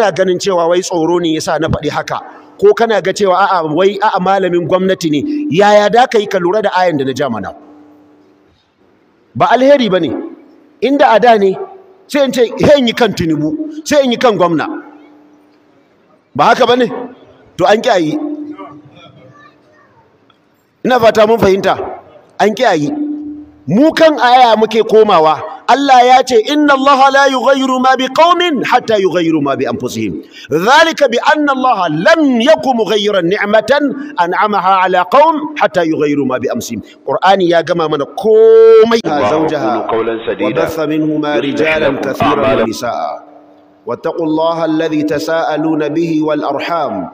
kana ganin cewa wai tsoro ne yasa na faɗi haka ko kana ga cewa a'a wai a'a malamin gwamnati ne yaya da ka yi ka lura da ayan da na ja ba alheri ba ne inda a da ne sai in ce hen yi kan tunubu sai in yi kan gwamna ba haka ba ne to an ƙi a yi ina fata mun fahimta an ƙi a yi Mukan aya muke komawa Allah ya ce inna Allah la yughayyiru ma biqaumin hatta yughayyiru ma bi anfusihim dhalika bi anna Allah lam yakum mughayyiran ni'matan an'amaha ala qaum hatta yughayyiru ma bi anfusihim Qur'ani ya gama mana komai zawjaha wa batha minhuma rijalan kathiran wa nisaa واتقوا الله الذي تساءلون به والأرحام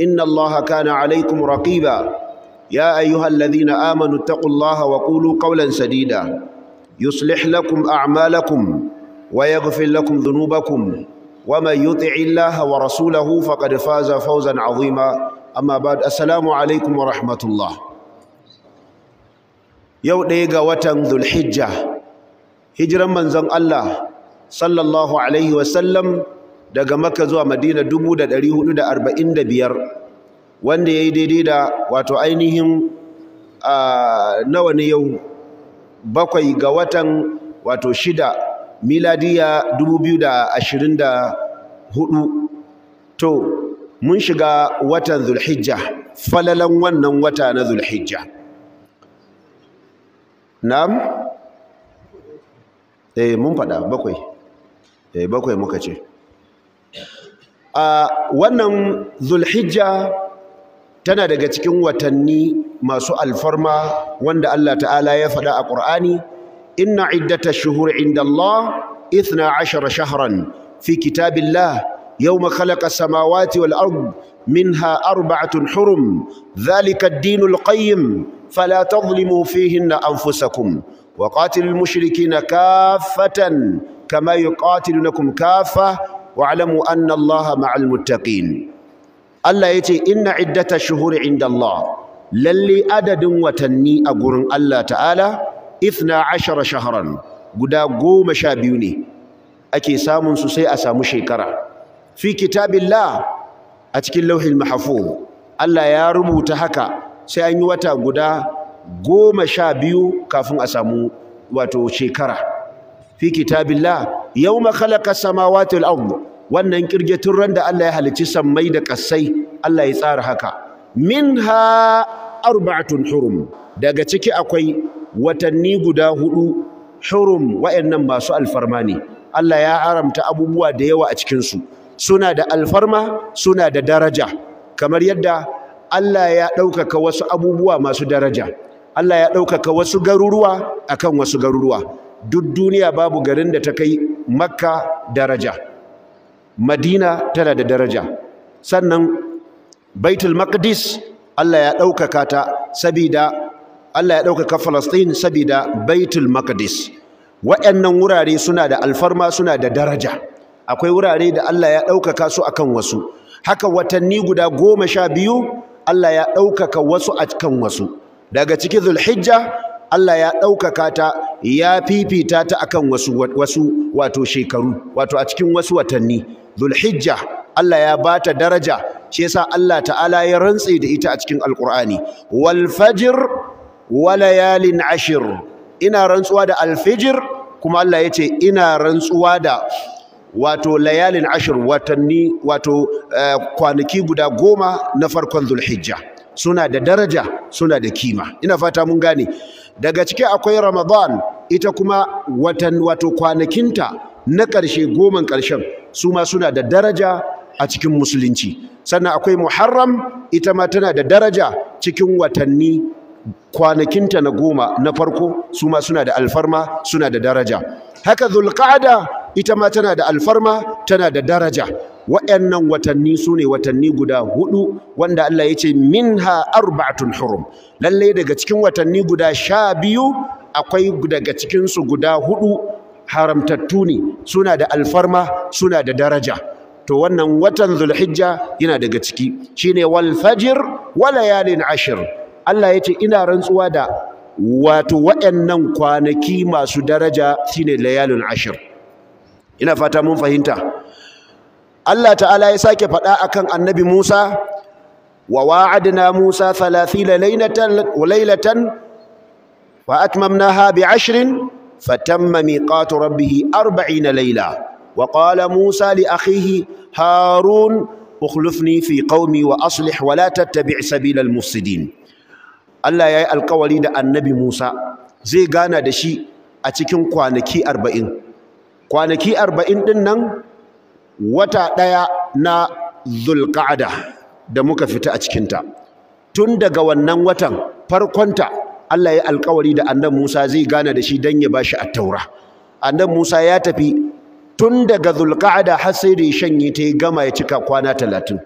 إن الله كان عليكم رقيباً يا أيها الذين آمنوا اتقوا الله وقولوا قولا سديدا يصلح لكم أعمالكم ويغفر لكم ذنوبكم ومن يطع الله ورسوله فقد فاز فوزا عظيما أما بعد السلام عليكم ورحمة الله يو ديغا وتن ذو الحجة هجرا من زن الله صلى الله عليه وسلم daga Makka zuwa Madina 1445 wanda ya yi daidai da wato ainihin nawa ne yau bakwai ga watan wato shida miladiya 2024 to mun shiga watan zulhijja falalan wannan wata na zulhijja na'am eh mun faɗa bakwai eh bakwai muka ce a wannan zulhijja tana daga cikin watanni masu alfarma wanda Allah ta'ala ya faɗa a ƙur'ani inna iddata shuhur inda Allah ithna ashara shahran fi kitabillah yawma samawati wal ard minha arba'atun hurum dhalika dinul qayyim fala tadhlimu fihinna anfusakum wa qatilul mushrikeena kaffatan kama yuqatilunakum kaffa wa'lamu anna ma'al Allah ya ce inna iddata shuhuri inda Allah lalle adadin watanni a gurin Allah ta'ala ithna ashara shaharan guda goma sha biyu ne ake samun su sai a samu shekara fi kitabillah a cikin lauhin mahafu Allah ya rubuta haka sai an yi wata guda goma sha biyu kafin a samu wato shekara fi kitabillah yawma khalaqa samawati wal ardh wannan kirgetun ran da Allah ya halicci sammai da kasai Allah ya tsara haka minha arba'atun hurum daga ciki akwai watanni guda hudu hurum nan masu alfarma ne Allah ya haramta abubuwa da yawa a cikin su suna da alfarma suna da daraja kamar yadda Allah ya ɗaukaka wasu abubuwa masu daraja Allah ya ɗaukaka wasu garuruwa akan wasu garuruwa duk duniya babu garin da ta kai makka daraja madina tana da daraja sannan baitul maqdis Allah ya ɗaukaka ta sabida Allah ya ɗaukaka Falastin sabida baitul maqdis waɗannan wurare suna da alfarma suna da daraja akwai wurare da Allah ya ɗaukaka su akan wasu haka watanni guda goma sha biyu Allah ya ɗaukaka wasu akan wasu daga cikin zulhijja Allah ya ɗaukaka ta ya fifita ta akan wasu wasu wato shekaru wato a cikin wasu watanni dhulhijja Allah ya bata daraja shi yasa Allah ta'ala ya rantse da ita a cikin alqur'ani wal fajr wa layalin ashir ina rantsuwa da alfijir kuma Allah yace ina rantsuwa da wato layalin ashir watanni wato eh, kwanaki guda goma na farkon Dhulhijja suna da daraja suna da kima ina fata mun gane daga ciki akwai ramadan ita kuma watan wato kwanakinta na ƙarshe goma ƙarshen su ma suna da daraja a cikin musulunci sannan akwai muharram ita ma tana da daraja cikin watanni kwanakinta na goma na farko su ma suna da alfarma suna da daraja haka zulƙada ita ma tana da alfarma tana da daraja wa'annan watanni su watanni guda hudu wanda Allah ya ce minha arba'atun hurum lallai daga cikin watanni guda sha biyu akwai daga cikinsu guda hudu haramtattu ne suna da alfarma suna da daraja to wannan watan zulhijja yana daga ciki shine wal fajr wa ashir Allah ya ce ina rantsuwa da wato wa'annan kwanaki masu daraja shine layalin ashir ina fata mun fahimta Allah ta'ala ya sake faɗa akan annabi Musa wa wa'adna Musa 30 laylatan laylatan wa atmamnaha bi 'ashrin fatamma miqatu rabbih 40 layla wa qala Musa li akhihi Harun ukhlifni fi qaumi wa aslih wa la tattabi' sabila al-mufsidin Allah yi alƙawari da annabi Musa zai gana da shi a cikin kwanaki 40 kwanaki 40 din nan wata ɗaya na zulƙa'ada da muka fita a cikinta tun daga wannan watan farkonta Allah ya alkawari da annan Musa zai gana da shi don ya ba shi a taura. annan Musa ya tafi tun daga zulƙa'ada har sai da ya shanye ta ya gama ya cika kwana talatin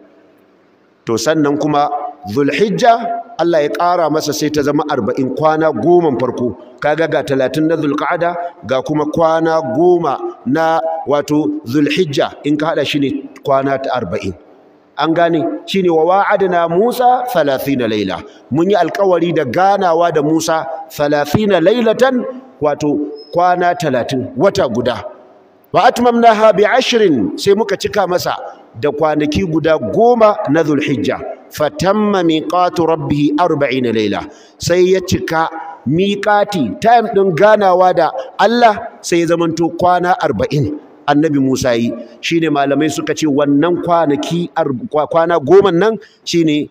to sannan kuma zulhijja Allah ya ƙara masa sai ta zama arba'in kwana goma farko kaga ga talatin na zulƙa'ada ga kuma kwana goma na wato zulhijja in ka haɗa shi ne kwana ta arba'in an gane shi ne wa na musa na laila mun yi alkawari da ganawa da musa na lailatan wato kwana talatin wata guda wa na bi ashirin sai muka cika masa da kwanaki guda goma na zulhijja fatamma miqatu rabbihi na laila sai ya cika miqati time din ganawa da Allah sai ya zamanto kwana 40 annabi Musa yi shine malamai suka ce wannan kwanaki kwana goma nan shine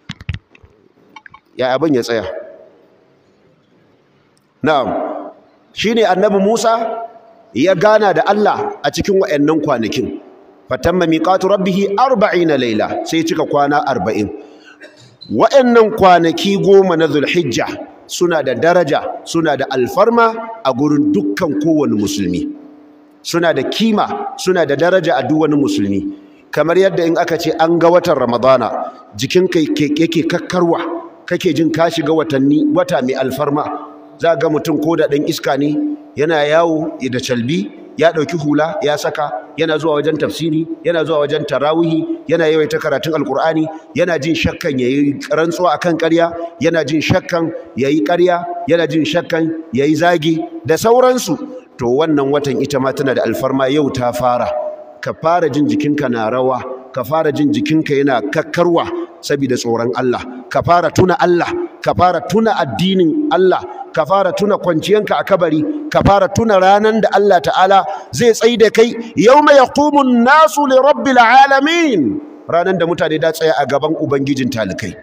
ya abin ya tsaya na'am shine annabi Musa ya gana da Allah a cikin wayannan kwanakin fatamma miqatu rabbih 40 laila sai cika kwana arba'in. wa'annan kwanaki goma na zulhijja suna da daraja suna da alfarma a gurin dukkan kowane musulmi suna da kima suna da daraja a duk wani musulmi kamar yadda in aka ce an ga watan ramadana jikinka yake kakkarwa kake jin ka shiga watanni wata mai alfarma za ga mutum ko da ɗan iska ne yana yawo da calbi ya ɗauki hula ya saka yana zuwa wajen tafsiri yana zuwa wajen tarawihi yana yawaita karatun alkur'ani yana jin shakkan ya yi rantsuwa a kan ƙarya yana jin shakkan ya yi ƙarya yana jin shakkan ya yi zagi da sauransu to wannan watan ita ma tana da alfarma yau ta fara ka fara jin jikinka na rawa ka fara jin jikinka yana kakkarwa saboda tsoron Allah ka fara tuna Allah ka fara tuna addinin Allah ka fara tuna kwanciyanka a kabari ka fara tuna ranan da Allah ta'ala zai tsayi da kai yauma yaqumun nasu li rabbil alamin ranan da mutane da tsaya a gaban ubangijin talikai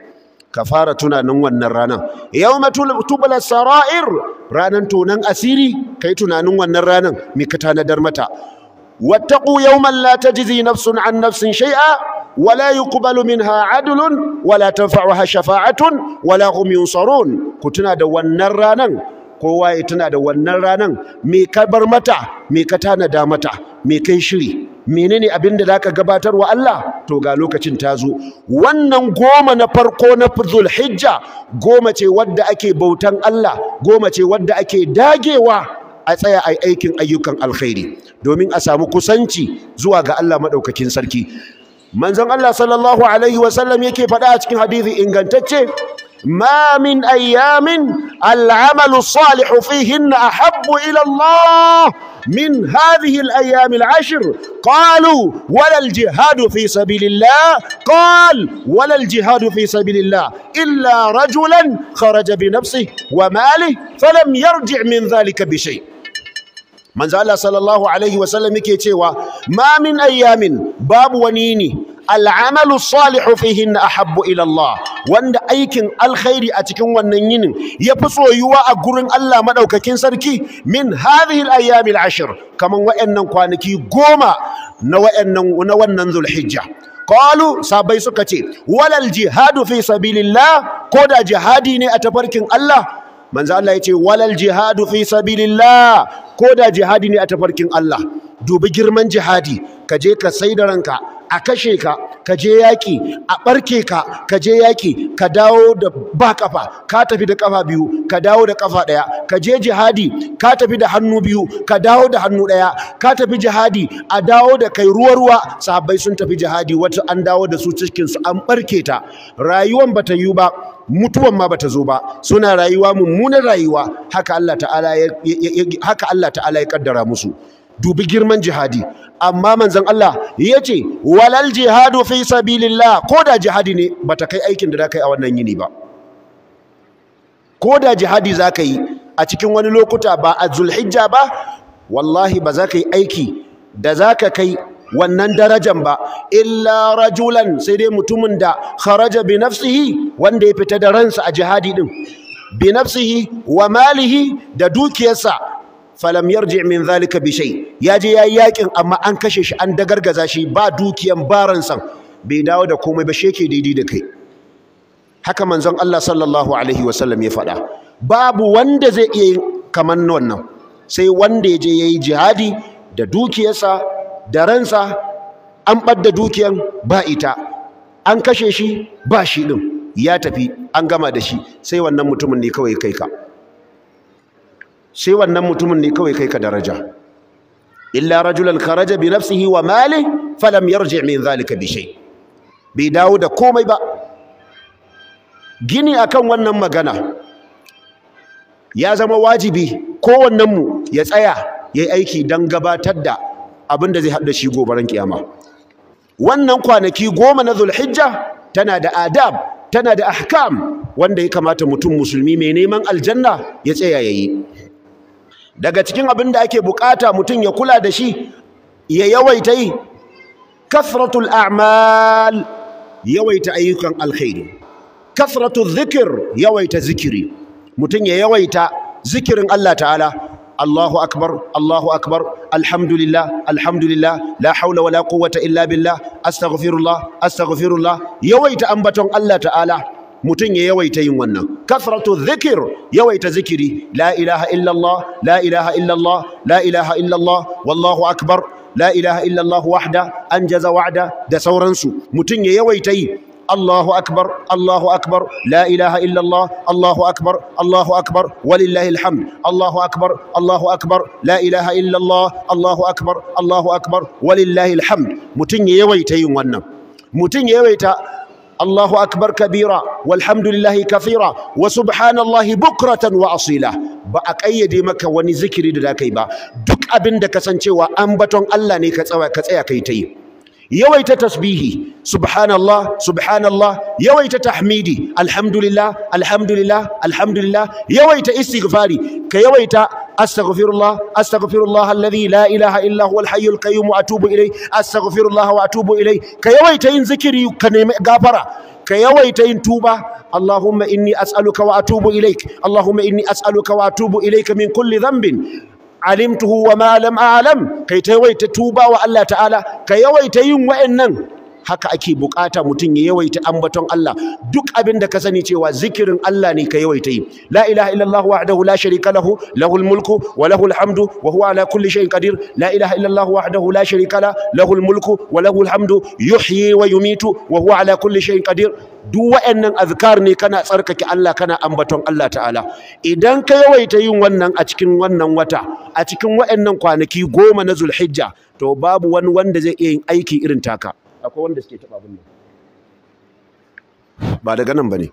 ka fara tunanin wannan ranan yawma tubla sarair ranan tunan asiri kai tunanin wannan ranan me ka tanadar mata wattaqu yawman la tajzi nafsun an nafsin shay'a ولا Wala منها shafa'atun? Wala kuma شفاعة tsaron? Ku tuna da wannan ranan. kowa ya tuna da wannan ranan me ka bar mata me ka tanada mata me kai shiri menene abin da zaka gabatar wa Allah to ga lokacin ta zo wannan goma na farko na Zulhijja goma ce wadda ake bautan Allah goma ce wadda ake dagewa a tsaya a aikin ayyukan alkhairi domin a samu kusanci zuwa ga Allah madaukakin sarki manzon Allah sallallahu alaihi wasallam yake faɗa a cikin hadisi ingantacce ما من أيام العمل الصالح فيهن أحب إلى الله من هذه الأيام العشر قالوا ولا الجهاد في سبيل الله قال ولا الجهاد في سبيل الله إلا رجلا خرج بنفسه وماله فلم يرجع من ذلك بشيء من زال صلى الله عليه وسلم كي ما من أيام باب ونيني al'amalu salihu fihin ahabbu ilallah wanda aikin alkhairi a cikin wannan yinin ya fi soyuwa a gurin Allah maɗaukakin sarki min hadhihi ayyamil ayyam kaman wayannan kwanaki goma na wayannan na wannan zulhijja qalu sabai suka ce walal jihadu fi sabilillah ko da jihadi ne a tafarkin Allah manzo Allah ya ce walal jihadu fi sabilillah ko da jihadi ne a tafarkin Allah dubi girman jihadi ka je ka sai da ranka a kashe ka ka je yaki a barke ka ka je yaki ka dawo da ba kafa ka tafi da kafa biyu ka dawo da kafa ɗaya. ka je jihadi ka tafi da hannu biyu ka dawo da hannu ɗaya. ka tafi jihadi a dawo da kai ruwa ruwa sahabbai sun tafi jihadi wata an dawo da su cikin su an barke ta rayuwan bata yi ba mutuwan ma bata zo ba suna rayuwa mummunar rayuwa haka Allah ta'ala ya haka Allah ta'ala ya kaddara musu dubi girman jihadi amma manzon Allah Ya ce walal jihadu fi sabilillah koda jihadi ne bata kai aikin da zaka yi a wannan yini ba koda jihadi zaka yi a cikin wani lokuta ba a zulhijja ba wallahi ba za ka yi aiki da za ka kai wannan darajan ba illa rajulan sai dai mutumin da kharaja bi nafsihi wanda ya fita da ransa a jihadi din bi nafsihi wa malihi da dukiyarsa falam yarji min zalika bi shay ya je yayi yakin amma an kashe shi an dagargaza shi ba dukiyan san bai dawo da komai ba sheke daidai da kai haka manzon Allah sallallahu alaihi wasallam ya faɗa babu wanda zai iya yin kaman wannan sai wanda ya je yayi jihadi da dukiyarsa da ransa an ɓadda dukiyan ba ita an kashe shi ba shi ɗin ya tafi an gama da shi sai wannan mutumin ne kawai kai ka sai wannan mutumin ne kawai kai ka daraja illa rajulan kharaja bi nafsihi wa mali falam yarji min zalika bi shay bai dawo da komai ba gini akan wannan magana ya zama wajibi wannan mu ya tsaya yayi aiki dan gabatar da abin da zai hada shi gobaran kiyama wannan kwanaki goma na zulhijja tana da adab tana da ahkam wanda ya kamata mutum musulmi mai neman aljanna ya tsaya yayi daga cikin abin da ake bukata mutum ya kula da shi ya yawaita yi kasratul a'mal yawaita ayyukan alkhairi kasratu zikir yawaita zikiri mutum ya yawaita zikirin Allah ta'ala Allahu akbar Allahu akbar alhamdulillah alhamdulillah la haula wala quwwata illa billah astaghfirullah astaghfirullah yawaita ambaton Allah ta'ala mutum ya yawaita yin wannan kasratu dhikr yawaita zikiri la ilaha illallah la ilaha illallah la ilaha illallah wallahu akbar la ilaha illallah wahda anjaza wa'da da sauransu mutum ya yawaita yi Allahu akbar Allahu akbar la ilaha illallah Allahu akbar Allahu akbar walillahi alhamd Allahu akbar Allahu akbar la ilaha illallah Allahu akbar Allahu akbar walillahi alhamd mutum ya yawaita yin wannan mutum ya yawaita Allahu akbar kabira walhamdulillahi kathira wa subhanallahi bukratan wa asila ba a kayyade maka wani zikiri da zakai ba duk abin da ka san an baton Allah ne ka tsaya tsaya kai ta yi yawaita tasbihi subhanallah subhanallah yawaita tahmidi alhamdulillah alhamdulillah alhamdulillah yawaita istighfari ka yawaita أستغفر الله أستغفر الله الذي لا إله إلا هو الحي القيوم وأتوب إليه أستغفر الله وأتوب إليه كيويتين ذكري كنيم غفرة كيويتين توبة اللهم إني أسألك وأتوب إليك اللهم إني أسألك وأتوب إليك من كل ذنب علمته وما لم اعلم a'lam kai ta yawaita tuba wa Allah haka ake bukata mutum ya yawaita ambaton Allah duk abinda ka sani cewa zikirin Allah ne ka yawaita yi la ilaha illallah wahdahu la sharika lahu lahul mulku wa lahul hamdu wa huwa ala kulli shay'in qadir la ilaha illallah wahdahu la sharika la lahul mulku wa lahul hamdu yuhyi wa yumitu wa huwa ala kulli shay'in qadir duk waɗannan azkar ne kana tsarkake Allah kana ambaton Allah ta'ala idan ka yawaita yin wannan a cikin wannan wata a cikin waɗannan kwanaki goma na Zulhijja to babu wani wanda zai iya yin aiki irin taka akwai wanda suke taɓa abin nan ba daga nan ba ne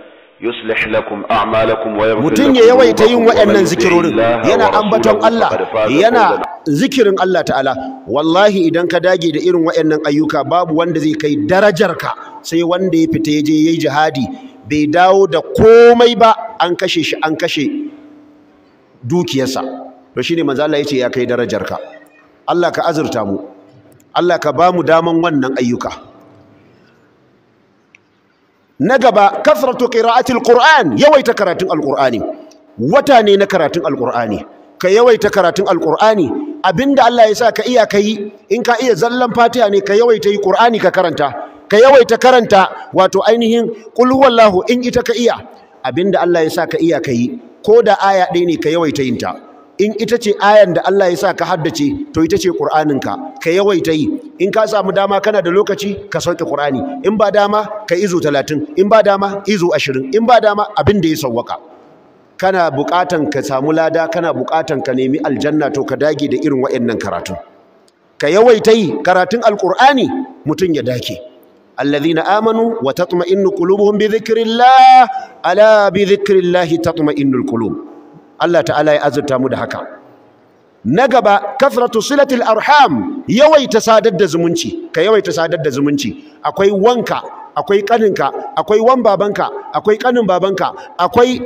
mutum ya yawaita yin waɗannan zikirorin yana ambaton Allah yana zikirin Allah ta'ala wallahi idan ka dage da irin waɗannan ayyuka babu wanda zai kai darajarka sai wanda ya fita ya je yayi jihadi bai dawo da komai ba an kashe shi an kashe dukiyarsa to shine manzo Allah yace ya kai darajarka Allah ka azurta mu Allah ka ba mu daman wannan ayyuka na gaba kasratu qira'atil qur'an yawaita karatun alqur'ani wata ne na karatun alqur'ani ka yawaita karatun alqur'ani abinda Allah ya sa ka iya kai in ka iya zallan fatiha ne ka yawaita yi qur'ani ka karanta ka yawaita karanta wato ainihin qul huwallahu in ita ka iya abinda Allah ya sa ka iya kai ko da aya ɗaya ne ka yawaita yinta? ta in ita ce ayan da Allah ya sa ka haddace to ita ce Qur'aninka ka yawaita yi in ka samu dama kana da lokaci ka sauke Qur'ani in ba dama ka izo talatin, in ba dama izo 20 in ba dama abin da ya sawwaka kana buƙatan ka samu lada kana buƙatan ka nemi aljanna to ka dage da irin waɗannan karatu ka yawaita yi karatun alqur'ani mutum ya dake alladhina amanu wa tatma'innu qulubuhum bi dhikrillah ala bi dhikrillah tatma'innul qulub Allah ta'ala ya azurta mu da haka na gaba kafratu silatil arham yawaita sadar da zumunci ka yawaita sadar da zumunci akwai wanka akwai kaninka akwai wan babanka akwai kanin babanka akwai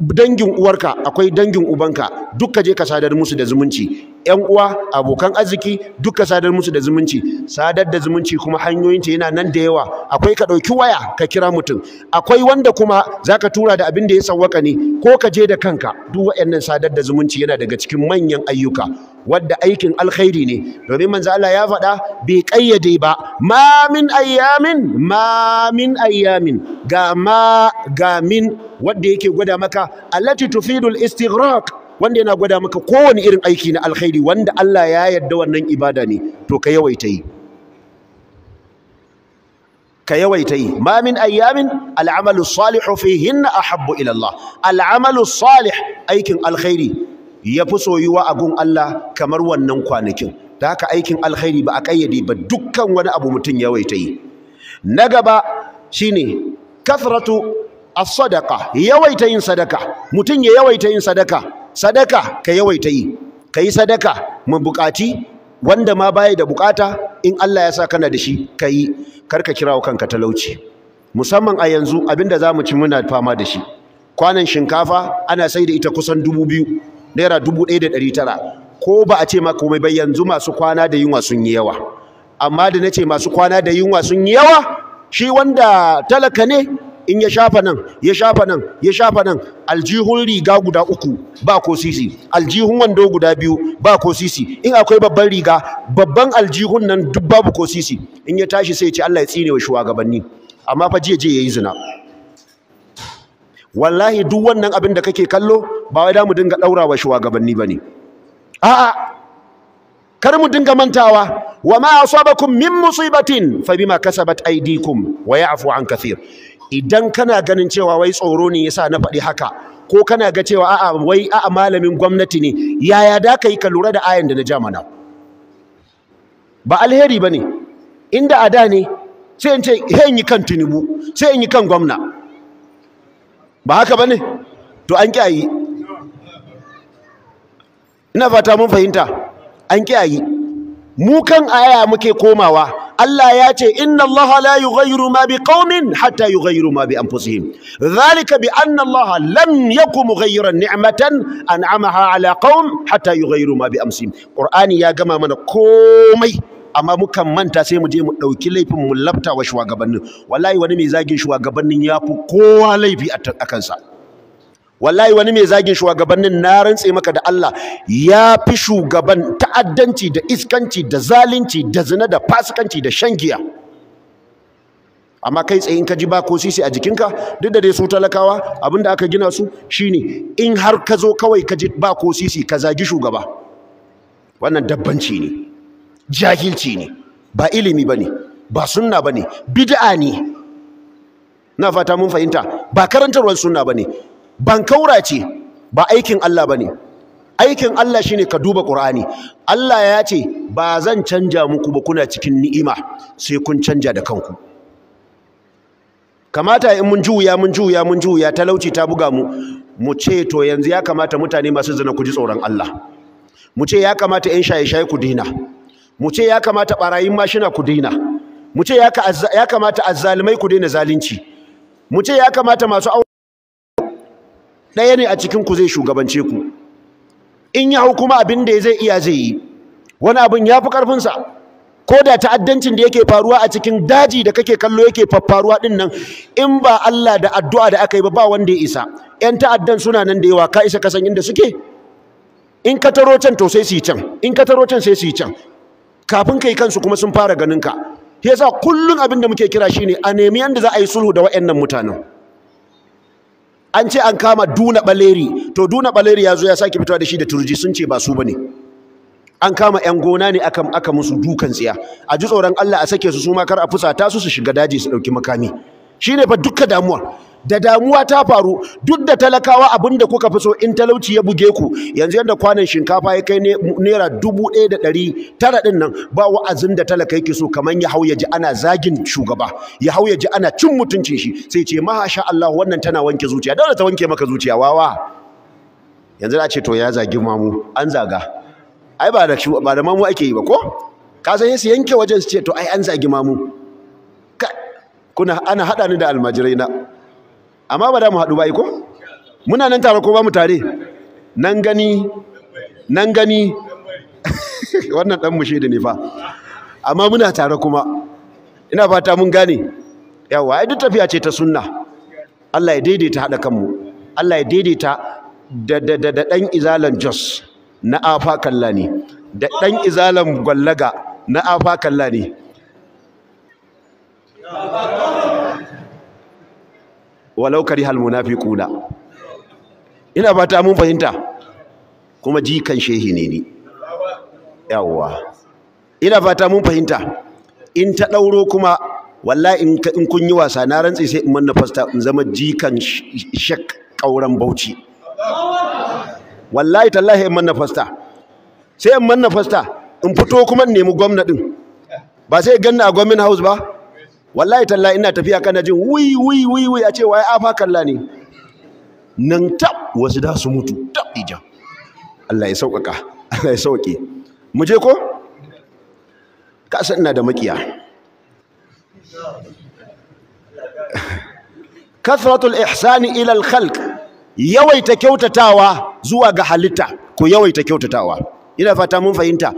dangin uwarka akwai dangin ubanka duk ka je ka sadar musu da zumunci yan uwa abokan arziki duka sadar musu da zumunci sadar da zumunci kuma hanyoyinta yana nan da yawa akwai ka ɗauki waya ka kira mutum akwai wanda kuma za ka tura da abin da ya sawwaka ne ko ka je da kanka duk waɗannan sadar da zumunci yana daga cikin manyan ayyuka wadda aikin alkhairi ne domin manzo Allah ya faɗa bai ƙayyade ba ma min ayyamin ma min ayyamin ga ma ga min wadda yake gwada maka allati tufidul istighraq wanda yana gwada maka kowane irin aiki na alkhairi wanda Allah ya yarda wannan ibada ne to ka yawaita yi ka yawaita yi ma min ayyamin al'amalu salihu fihinna ahabbu ila Allah al'amalu salih aikin alkhairi yafi soyuwa a gun Allah kamar wannan kwanakin da haka aikin alkhairi ba a kayyade ba dukkan wani abu mutum yawaita yi na gaba shine kasratu as-sadaqa yawaita yin sadaka mutum ya yawaita yin sadaka sadaka ka yawaita yi ka yi sadaka mu buƙaci wanda ma baya da buƙata in Allah ya sa kana da shi ka yi karka kirawo kanka talauci musamman a yanzu abinda za mu ci muna fama da shi kwanan shinkafa ana sai da ita kusan dubu biyu naira dubu ɗaya da ɗari tara ko ba a ce ma komai ba yanzu masu kwana da yunwa sun yi yawa amma da na ce masu kwana da yunwa sun yi yawa shi wanda talaka ne in ya shafa nan ya shafa nan ya shafa nan aljihun riga guda uku ba ko sisi aljihun wando guda biyu ba ko sisi in akwai babban riga babban aljihun nan duk babu ko sisi in ya tashi sai ya ce Allah ya tsine wa shugabanni amma fa jiya jiya yayi zina wallahi duk wannan abin da kake kallo ba wai da mu dinga daura wa shugabanni bane a'a kar mu dinga mantawa wa ma asabakum min musibatin fa bima kasabat aydikum wa ya'fu an kathir idan kana ganin cewa wai tsoro ne yasa na faɗi haka ko kana ga cewa a'a wai a'a malamin gwamnati ne yaya da ka yi ka lura da ayan da na ja mana ba alheri ba ne inda a da ne sai in ce he in yi kan tinubu sai in yi kan gwamna ba haka ba ne to an ƙi ina fata mun fahimta an ƙi mu kan aya muke komawa Allah ya ce inna Allah la yughayyiru ma biqaumin hatta yughayyiru ma bi anfusihim dhalika bi anna Allah lam yakum mughayyiran ni'matan an'amaha ala qaum hatta yughayyiru ma bi anfusihim Qur'ani ya gama mana komai amma mukan manta sai mu je mu ɗauki laifin mu lafta wa shugabannin wallahi wani mai zagin shugabannin ya fi kowa laifi a kansa wallahi wani mai zagin shugabannin na rantse maka da Allah ya fi shugaban ta'addanci da iskanci da zalunci da zina da fasikanci da shan giya amma kai in ka ji ba ko sisi a jikinka duk da dai su talakawa abinda aka gina su shine in har ka zo kawai ka ji ba ko sisi ka zagi shugaba wannan dabbanci ne jahilci ne ba ilimi bane ba sunna bane bid'a ne na fata mun fahimta ba karantarwar sunna bane Ban kaura ce ba aikin Allah bane aikin Allah shi ne ka duba ƙur'ani. Allah ya ce ba zan canja muku ba kuna cikin ni'ima sai kun canja da kanku kamata in mun juya mun juya mun juya talauci ta buga mu mu ce to yanzu ya kamata mutane masu zina ku ji tsoron Allah mu ce ya kamata ƴan shaye-shaye ku dina mu ce ya kamata barayin mashina ku dina mu ce ya kamata azzalimai ku daina zalunci mu ce ya kamata masu ɗaya ne a cikin ku zai shugabance ku in ya hau kuma abin da zai iya zai yi wani abin ya fi ƙarfinsa ko da ta'addancin da yake faruwa a cikin daji da kake kallo yake faffaruwa ɗin nan in ba Allah da addu'a da aka yi ba ba wanda ya isa ‘yan ta'addan suna nan da yawa ka isa kasan inda suke in ka taro can to sai su yi can in ka taro can sai su yi can kafin kai kansu kuma sun fara ganin ka yasa kullum abin da muke kira shine a nemi yanda za a yi sulhu da waɗannan mutanen an ce an kama duna baleri to duna baleri ya zo ya sake fitowa da shi da turji sun ce ba su bane an kama yan gona ne aka aka musu dukan tsiya a ji tsoron Allah a sake su su ma kar a fusata su su shiga daji su dauki makami shine fa duka damuwa da damuwa ta faru duk da talakawa abin da kuka fi so in talauci ya buge ku yanzu yadda kwanan shinkafa ya kai naira dubu ɗaya da ɗari tara ɗin nan ba wa'azin da talaka yake so kamar ya hau ya ji ana zagin shugaba ya hau ya ji ana cin mutuncin shi sai ce sha Allah wannan tana wanke zuciya dole ta wanke maka zuciya wawa yanzu za a ce to ya zagi mamu an zaga ai ba da mamu ake yi ba ko ka san sai yanke wajen su ce to ai an zagi mamu kuna ana hada ni da almajirai na amma ba da mu hadu ba iko muna nan tare ko ba mu tare nan gani nan gani wannan dan mushe da ne fa amma muna tare kuma ina fata mun gane yawa ai duk tafiya ce ta sunna Allah ya daidaita hada kanmu Allah ya daidaita da da da, da dan izalan jos na afa kallani da dan izalan gwallaga na afa kallani walau karihal munafiquna ina fata mun fahimta kuma jikan shehi ne ni yawa ina fata mun fahimta in ta dauro kuma wallahi in kun yi wasa na rantsi sai in manna fasta in zama jikan shek kauran bauchi wallahi tallahi in manna fasta sai in manna fasta in fito kuma in nemi din ba sai ganna a gwamnatin house ba wallahi talla ina tafiya kana jin wi wi wi wi a ce wai afa kalla ne nan tab wasu da su mutu tab ija Allah ya sauƙaƙa Allah ya sauƙe mu je ko ka san ina da makiya kathratul ihsani ila al khalq yawaita kyautatawa zuwa ga halitta ko yawaita kyautatawa ina fata mun fahimta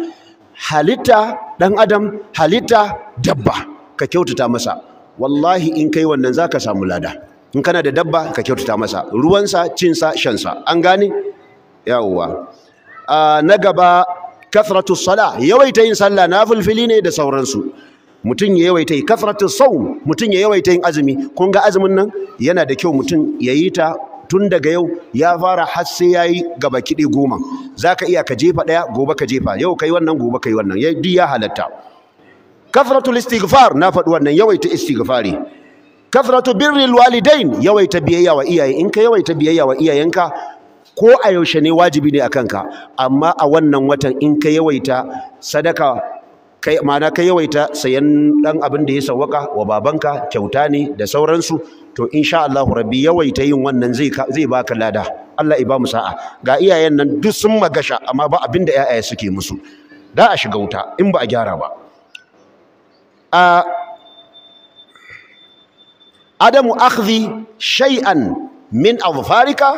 halitta dan adam halitta dabba ka kyautata masa wallahi in kai wannan zaka samu lada in kana da dabba ka kyautata masa ruwansa cinsa shansa an gane yawwa na gaba kathratu sala yawaita yin sallah nafilfili ne da sauransu mutum ya yawaita kathratu sawm mutum ya yawaita yin azumi kun ga azumin nan yana da kyau mutum ya yi ta tun daga yau ya fara har sai ya yi gaba kiɗi goma za ka iya ka jefa ɗaya gobe ka jefa yau ka yi wannan gobe ka yi wannan duk ya halatta kafratul istighfar na faɗi wannan yawaita istighfari kafratu birril walidain yawaita biyayya wa iyaye in ka yawaita biyayya wa iyayenka ko a yaushe ne wajibi ne akan ka amma a wannan watan in ka yawaita sadaka kai ma'ana ka yawaita sayan dan abin da ya sawaka wa babanka kyauta ne da sauransu to insha Allah rabbi yawaita yin wannan zai zai baka lada Allah ya ba mu sa'a ga iyayen nan duk sun magasha amma ba abin da 'ya'ya suke musu da a shiga wuta in ba a gyara ba adamu akhdhi shay'an min azfarika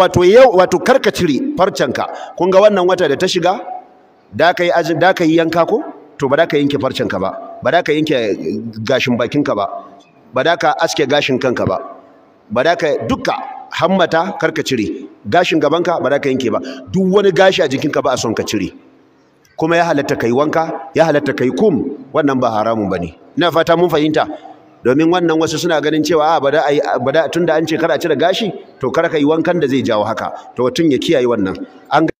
wato yau wato karkacire farcenka kun ga wannan wata da ta shiga da kai da kai yanka ko to ba da ka yanke farcenka ba ba da ka yanke gashin bakinka ba ba da ka aske gashin kanka ba ba da ka dukka hammata karka cire gashin gabanka ba da ka yanke ba duk wani gashi a jikinka ba a son ka cire kuma ya halatta kai wanka ya halatta kai kum wannan ba haramun bane ina fata mun fahimta domin wannan wasu suna ganin cewa a ah, bada ai bada tunda an ce kar a cire gashi to kar ka yi wankan da zai jawo haka to tun ya kiyaye wannan an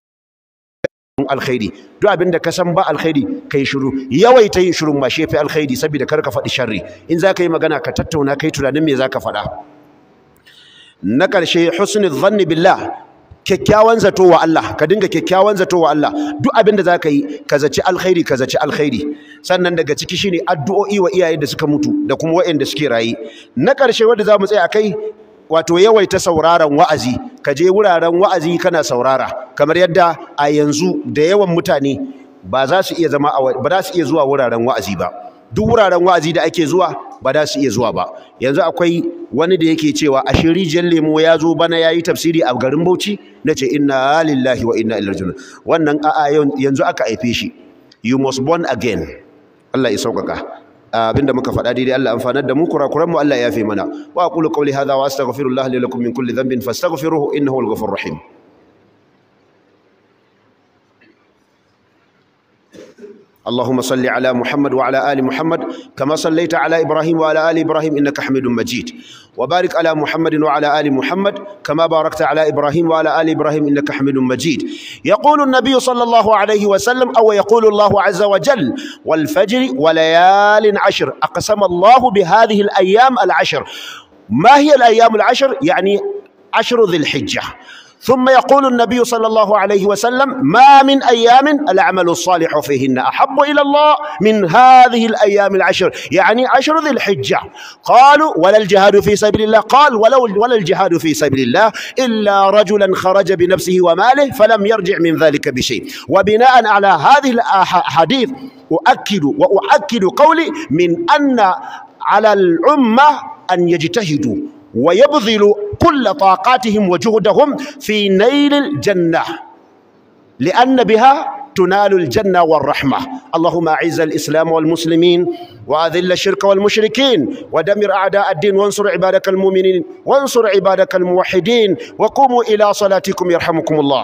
alkhairi duk abin da ka san ba alkhairi kai shiru Yawai ta yin shirun ma shefe alkhairi saboda kar ka faɗi sharri in za ka yi magana ka tattauna kai tunanin me za ka faɗa na ƙarshe husnul dhanni billah kyakkyawan zato wa Allah ka dinga kyakkyawan zato wa Allah duk abin da zaka yi ka zaci alkhairi ka zaci alkhairi sannan daga ciki shine addu'o'i wa iyayen da suka mutu da kuma waɗanda suke raye na ƙarshe wanda zamu tsaya akai wato yawaita sauraron wa'azi ka je wuraren wa'azi kana saurara kamar yadda a yanzu da yawan mutane ba za su iya zama ba za su iya zuwa wuraren wa'azi ba duk wuraren wa'azi da ake zuwa ba da su iya zuwa ba yanzu akwai wani da yake cewa a rijiyar lemo ya zo bana ya yi tafsiri a garin bauchi na ce inna lillahi wa inna ilar raji'un wannan a'a yanzu aka haife shi you must born again Allah ya sauƙaƙa abinda muka faɗa daidai Allah amfanar da mu kurakuran mu Allah ya yafe mana wa aqulu qawli hadha wa astaghfirullah li lakum min kulli dhanbin fastaghfiruhu innahu al-ghafurur rahim اللهم صل على محمد وعلى آل محمد كما صليت على إبراهيم وعلى آل إبراهيم إنك حميد مجيد وبارك على محمد وعلى آل محمد كما باركت على إبراهيم وعلى آل إبراهيم إنك حميد مجيد يقول النبي صلى الله عليه وسلم أو يقول الله عز وجل والفجر وليال عشر أقسم الله بهذه الأيام العشر ما هي الأيام العشر؟ يعني عشر ذي الحجة ثم يقول النبي صلى الله عليه وسلم ما من أيام العمل الصالح فيهن أحب إلى الله من هذه الأيام العشر يعني عشر ذي الحجة قالوا ولا الجهاد في سبيل الله قال ولو ولا الجهاد في سبيل الله إلا رجلا خرج بنفسه وماله فلم يرجع من ذلك بشيء وبناء على هذه الأحاديث أؤكد وأؤكد قولي من أن على الأمة أن يجتهدوا ويبذل كل طاقاتهم وجهدهم في نيل الجنة لأن بها تنال الجنة والرحمة اللهم أعز الإسلام والمسلمين وأذل الشرك والمشركين ودمر أعداء الدين وانصر عبادك المؤمنين وانصر عبادك الموحدين وقوموا إلى صلاتكم يرحمكم الله